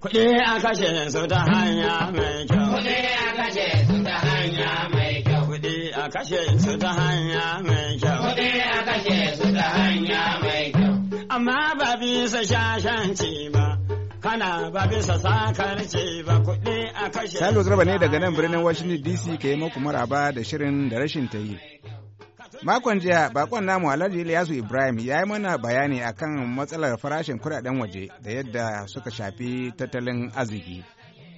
Kuɗi a kashe su ta hanya mai kyau. Kuɗi a kashe su ta hanya mai kyau. Kuɗi a kashe su ta hanya mai kyau. Kuɗi a kashe su ta hanya mai kyau. Amma ba bisa shashanci ba. Kana ba bisa sakarci ba kuɗi a kashe. Salo Garba ne daga nan birnin Washington DC ke yi muku maraba da shirin da rashin ta yi. Makon jiya bakon namu Alhaji Ilyasu Ibrahim ya yi mana bayani akan matsalar farashin kudaden waje da yadda suka shafi tattalin arziki.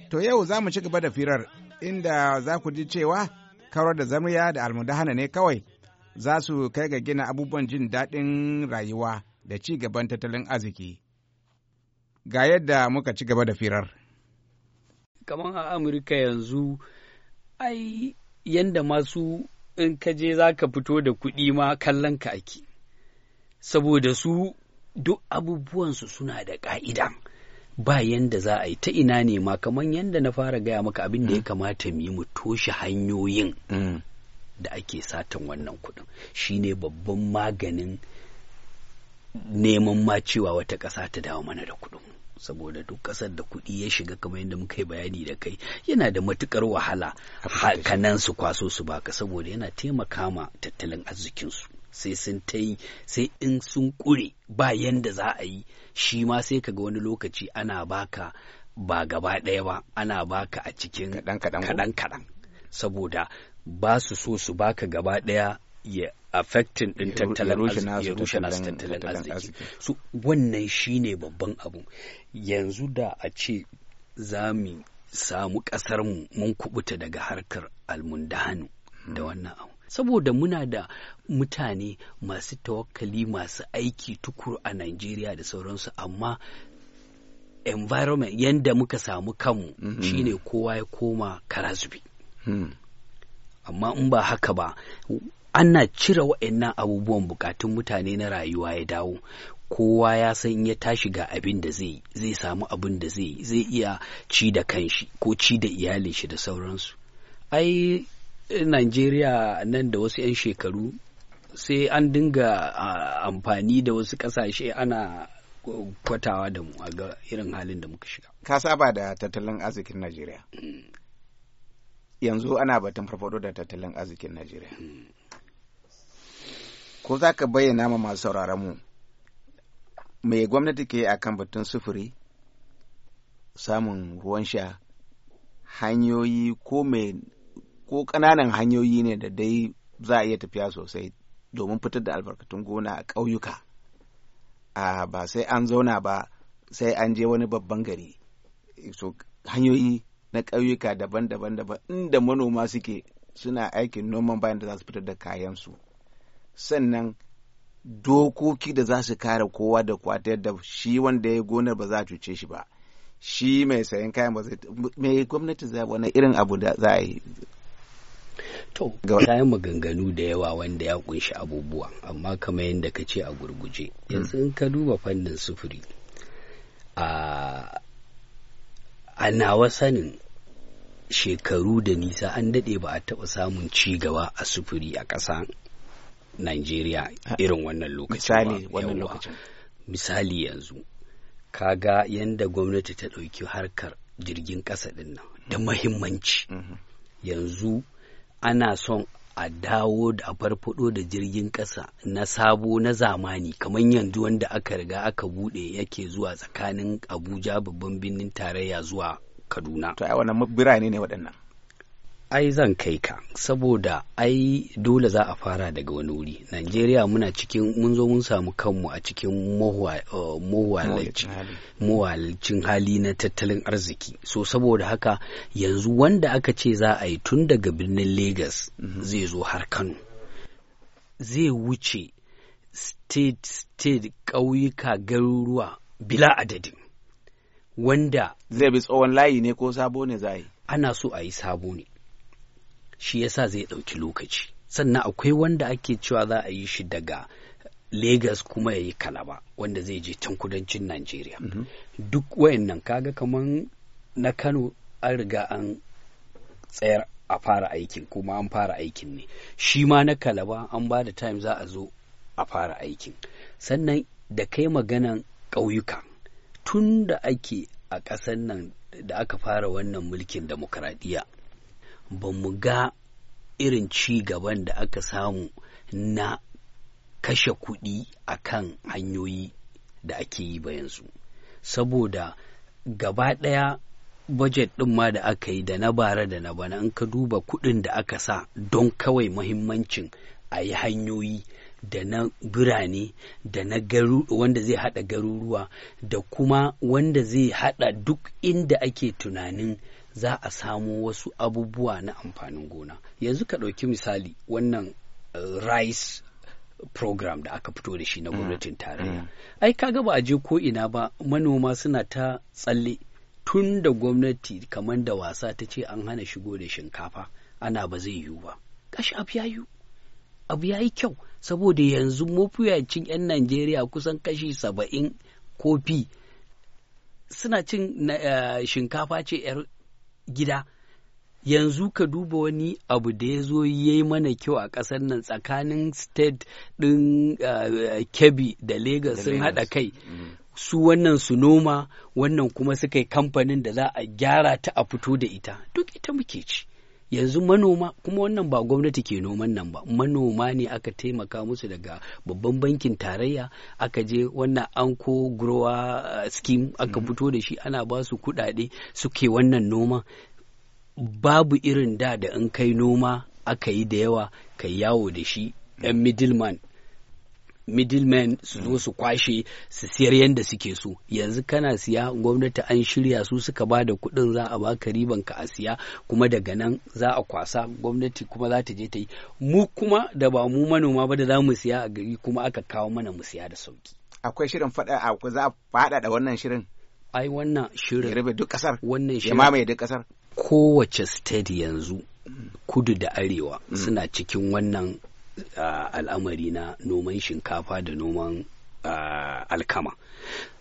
To yau za mu ci gaba da firar inda za ku ji cewa kawar da zamiya da almudahana ne kawai za su kai ga gina abubuwan jin daɗin rayuwa da ci gaban tattalin arziki. Ga yadda muka ci gaba da firar. Kamar a Amurka yanzu, ai yanda masu in ka je za ka fito da kuɗi ma kallon ka ake saboda su duk abubuwansu suna da ƙa'ida ba yanda za a yi ta ina ne ma kamar yadda na fara gaya maka abin da ya mm. kamata mu yi mu toshe hanyoyin mm. da ake satan wannan kuɗin Shi ne babban maganin neman ma cewa wata ƙasa ta dawo mana da kuɗinmu. saboda duk ƙasar da kuɗi ya shiga kamar yadda muka yi bayani da kai yana da matukar wahala hakanan su kwaso su baka saboda yana taimaka ma tattalin arzikinsu sai sun ta yi sai in sun ƙure ba yanda za a yi shi ma sai ka ga wani lokaci ana baka ba gaba ɗaya ba ana baka a cikin kaɗan kaɗan saboda ba su so su baka gaba ɗaya ya affecting din tattalin arziki rushe tattalin arziki so wannan shine babban abu yanzu da a ce za mu samu ƙasarmu mun kubuta daga harkar almundahanu hmm. da wannan abu saboda muna da mutane masu tawakkali masu aiki tukuru a Najeriya da sauransu amma environment yadda muka samu kanmu hmm. shine kowa ya koma karasbi hmm. amma in ba haka ba ana cire wa'annan abubuwan bukatun mutane na rayuwa ya dawo kowa ya san ya tashi ga abin da zai zai samu abin da zai zai iya ci da kanshi ko ci da iyalin shi da sauransu ai Najeriya nan da wasu 'yan shekaru sai an dinga amfani da wasu ƙasashe ana kwatawa da mu a ga irin halin da muka shiga. Ka saba da tattalin arzikin Najeriya. Mm. Yanzu ana batun farfado da tattalin arzikin Najeriya. Mm. ko za ka bayyana ma masu sauraron mu mai gwamnati ke a kan batun sufuri samun ruwan sha hanyoyi ko mai ko ƙananan hanyoyi ne da dai za a iya tafiya sosai domin fitar da albarkatun gona a ƙauyuka a ba sai an zauna ba sai an je wani babban gari so hanyoyi na ƙauyuka daban-daban daban inda manoma suke suna aikin noman bayan da za su fitar da kayansu sannan dokoki da za su kare kowa da kwatar yadda shi wanda ya gonar ba za a cuce shi ba shi mai sayan kayan ba zai mai gwamnati za wani irin abu da za a yi to kayan maganganu da yawa wanda ya kunshi abubuwa amma kamar yadda ka ce a gurguje hmm. yanzu in ka duba fannin sufuri a nawa sanin shekaru da nisa an daɗe ba a taɓa samun ci gaba a sufuri a ƙasa Najeriya ah, irin wannan lokacin. Misali wannan lokacin. Misali yanzu, kaga yanda gwamnati ta ɗauki harkar jirgin ƙasa ɗin nan da mahimmanci. Mm-hmm. Mm-hmm. Yanzu ana son a dawo da a farfado da jirgin ƙasa na sabo na zamani kamar yanzu wanda aka riga aka buɗe yake zuwa tsakanin Abuja babban birnin tarayya zuwa Kaduna. To ai wannan birane ne waɗannan. ai zan kai ka saboda ai dole za a fara daga wani wuri najeriya muna cikin mun zo mun samu kanmu a cikin mawalacin uh, hali na tattalin arziki so saboda haka yanzu wanda aka ce za a yi tun daga birnin lagos mhm. zai zo har kano zai wuce state state ƙauyuka garuruwa bila adadin wanda zai bi tsohon layi ne ko sabo ne za a yi ana so a yi sabo ne shi yasa zai ɗauki lokaci sannan akwai wanda ake cewa za a yi shi daga Legas kuma ya yi Kalaba wanda zai je can kudancin Najeriya. Mhm. Duk wayannan kaga kaman na Kano an riga an tsayar a fara aikin kuma an fara aikin ne. Shi ma na Kalaba an ba da time za a zo a fara aikin. Sannan da kai maganan ƙauyuka tun da ake a ƙasar nan da aka fara wannan mulkin demokradiyya ba mu ga irin ci gaban da aka samu na kashe kuɗi a kan hanyoyi da ake yi ba yanzu saboda gaba ɗaya bajet ɗin ma da aka yi da na bara da na bana in ka duba kuɗin da aka sa don kawai mahimmancin a yi hanyoyi da na birane da na garu wanda zai haɗa garuruwa da kuma wanda zai haɗa duk inda ake tunanin za a samo wasu abubuwa na amfanin gona yanzu ka ɗauki misali wannan uh, rice program da aka fito da shi na mm. gwamnatin tarayya mm. ai kaga ba a je ko ina ba manoma suna ta tsalle tun da gwamnati kamar da wasa ta ce an hana shigo da shinkafa ana ba zai yiwu ba kashi abu ya yiwu abu ya yi kyau saboda yanzu mafiyacin 'yan najeriya kusan kashi saba'in kofi suna cin eh, shinkafa ce 'yar gida yanzu ka duba wani abu da ya zo ya yi mana kyau a ƙasar nan tsakanin state ɗin eh, kebbi da lagos sun haɗa kai mm. su wannan su noma wannan kuma suka yi kamfanin da za a gyara ta a fito da ita duk ita muke ci yanzu manoma kuma wannan ba gwamnati ke noman nan ba manoma ne aka taimaka musu daga babban bankin tarayya aka je wannan anko growa uh, scheme aka mm-hmm. fito da shi ana ba su kuɗaɗe suke wannan noma babu irin da da in kai noma aka yi da yawa kai yawo da shi yan middleman middlemen su zo su kwashe su siyar yadda suke so yanzu kana siya gwamnati an shirya su suka ba da kuɗin za a baka riban ka a siya kuma daga nan za a kwasa gwamnati kuma za ta je ta yi mu kuma da ba mu manoma ba da za mu siya a gari kuma aka kawo mana mu siya da sauki akwai shirin faɗa za a faɗaɗa wannan shirin ai wannan shirin ya rabe duk kasar wannan shirin ya mamaye duk kasar kowace state yanzu kudu da arewa mm. suna cikin wannan Uh, al'amari na noman shinkafa da noman uh, alkama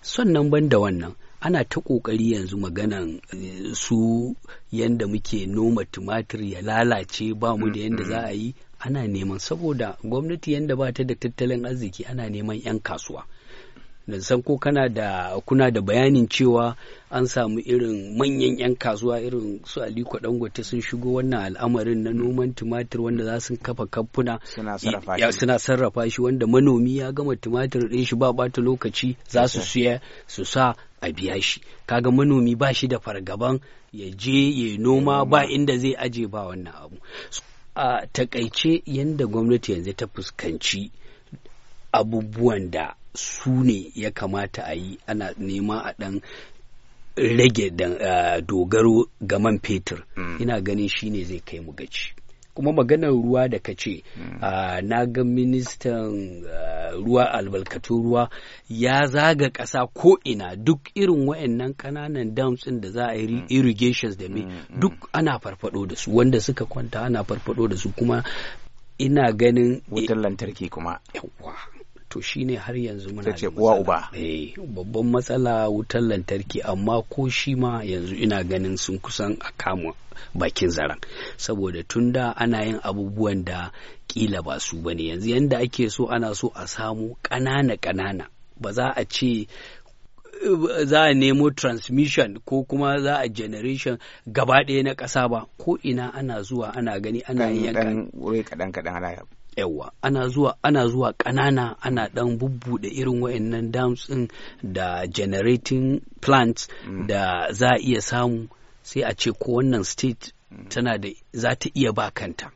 sannan ban da wannan ana ta ƙoƙari yanzu maganan eh, su yanda muke noma tumatir ya lalace ba mu da yanda za a yi ana neman saboda gwamnati yanda ba ta da tattalin arziki ana neman 'yan kasuwa da san ko kana da kuna da bayanin cewa an samu irin manyan 'yan kasuwa irin su aliko dangote sun shigo wannan al'amarin na noman tumatir wanda za su kafa kamfuna suna sarrafa shi wanda manomi ya gama tumatir ɗin shi ba bata lokaci za su siya su sa a biya shi kaga manomi ba shi da fargaban ya je ya noma ba inda zai aje ba wannan abu a takaice yadda gwamnati yanzu ta fuskanci abubuwan da su ne ya kamata a yi ana nema a ɗan rage dogaro ga man fetur mm. ina ganin shi ne zai kai mu gaci kuma maganar ruwa da ka ce mm. na ga ministan ruwa albarkatun ruwa ya zaga ƙasa ina duk irin wa'annan ƙananan ɗin da za a yi mm. irrigations da me duk ana farfado da su wanda suka kwanta ana farfado da su kuma ina ganin wutar lantarki kuma yawwa to shine har yanzu muna da uwa uba eh, babban matsala wutar lantarki amma ko shi ma yanzu ina ganin sun kusan a kama bakin zaren saboda tun da ana yin abubuwan da kila ba su ne yanzu yanda ake so ana so a samu ƙanana ƙanana ba za a ce za a nemo transmission ko kuma za a generation gaba ɗaya na ƙasa ba ko ina ana zuwa ana gani ana yin kaɗan yawa ana zuwa ana zuwa ƙanana ana ɗan bubbuɗe irin wayannan dams ɗin da generating plants mm. da za a iya samu sai a ce ko wannan state mm. tana da za ta iya ba kanta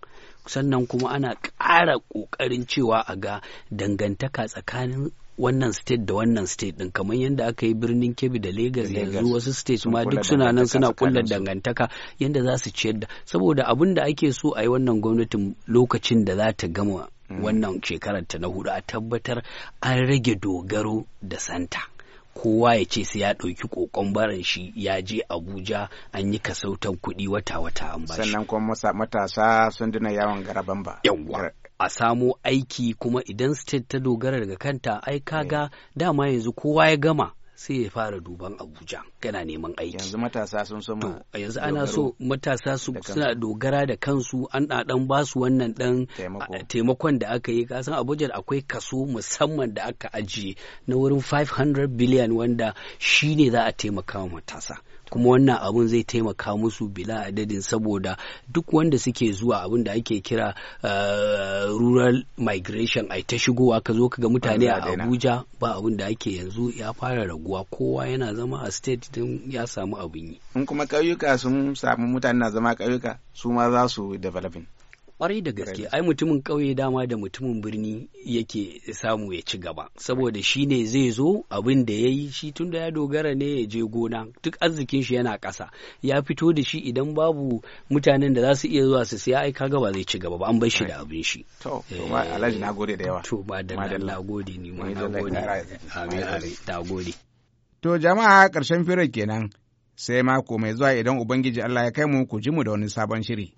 sannan kuma ana ƙara ƙoƙarin cewa a ga dangantaka tsakanin wannan state da wannan state din kamar yadda aka yi birnin kebbi da lagos yanzu wasu states ma duk suna nan suna kulla dangantaka yadda za su ciyar da saboda abin da ake so a yi wannan gwamnatin lokacin da za ta gama mm. wannan shekarar ta na hudu a tabbatar an rage dogaro da santa kowa ya ce sai ya ɗauki kokon barin shi ya je abuja an yi kasautan kuɗi wata-wata an bashi sannan kuma matasa sun dina yawon garaban ba yawwa a samo aiki kuma idan state ta dogara daga kanta ai kaga eh. dama yanzu kowa ya gama sai ya fara duban abuja yana neman aiki yanzu matasa sun soma yanzu ana so matasa su suna dogara da kansu an dan ba su wannan dan taimakon da aka yi kasan abuja akwai kaso musamman da aka ajiye na wurin 500 biliyan wanda shine za a taimaka wa matasa kuma wannan abun zai taimaka musu bila adadin saboda duk wanda suke zuwa abun da ake kira uh, rural migration ai ta shigowa ka zo ga mutane a abuja ba abin da ake yanzu ya fara raguwa kowa yana zama a state don ya samu abin yi in kuma ƙauyuka sun samu mutane na zama ƙauyuka su ma za su developing kwarai da gaske ai mutumin ƙauye dama da mutumin birni yake samu ya ci gaba saboda shi ne zai zo abin da ya yi shi tun da ya dogara ne ya je gona duk arzikin shi yana ƙasa ya fito da shi idan babu mutanen da za su iya zuwa su siya ai kaga ba zai ci gaba ba an bar shi da abin shi to ba eh, da nagode gode ni ma na gode amin to jama'a ƙarshen firar kenan sai mako mai zuwa idan ubangiji Allah ya kai mu ku ji mu da wani sabon shiri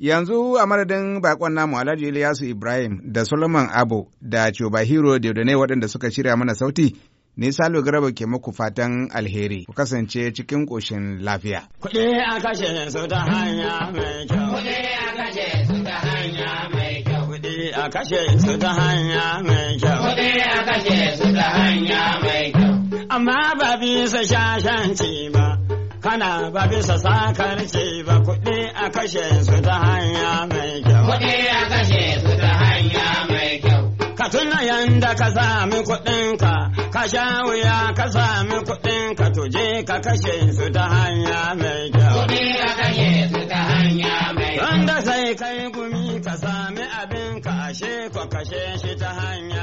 Yanzu a madadin bakon namu Alhaji Ilyasu Ibrahim da Solomon Abo da da ne waɗanda suka shirya mana sauti, ni Salo Garaba ke muku fatan alheri, ku kasance cikin ƙoshin lafiya. Kuɗi a kashe su ta hanya mai kyau. Kuɗi a kashe su ta hanya mai kyau. Kuɗi a kashe su ta hanya mai kyau. Kuɗi a kashe su ta hanya mai kyau. Amma ba bisa shashanci ba. kana ba bisa ce ba kuɗi a kashe su ta hanya mai kyau. Kuɗi a kashe su ta hanya mai kyau. Ka tuna yanda ka sami kuɗin ka sha wuya ka sami kuɗinka tuje ka kashe su ta hanya mai kyau. Kuɗi a kashe su ta hanya mai kyau. Wanda sai kai gumi ka sami ka ashe ko kashe shi ta hanya.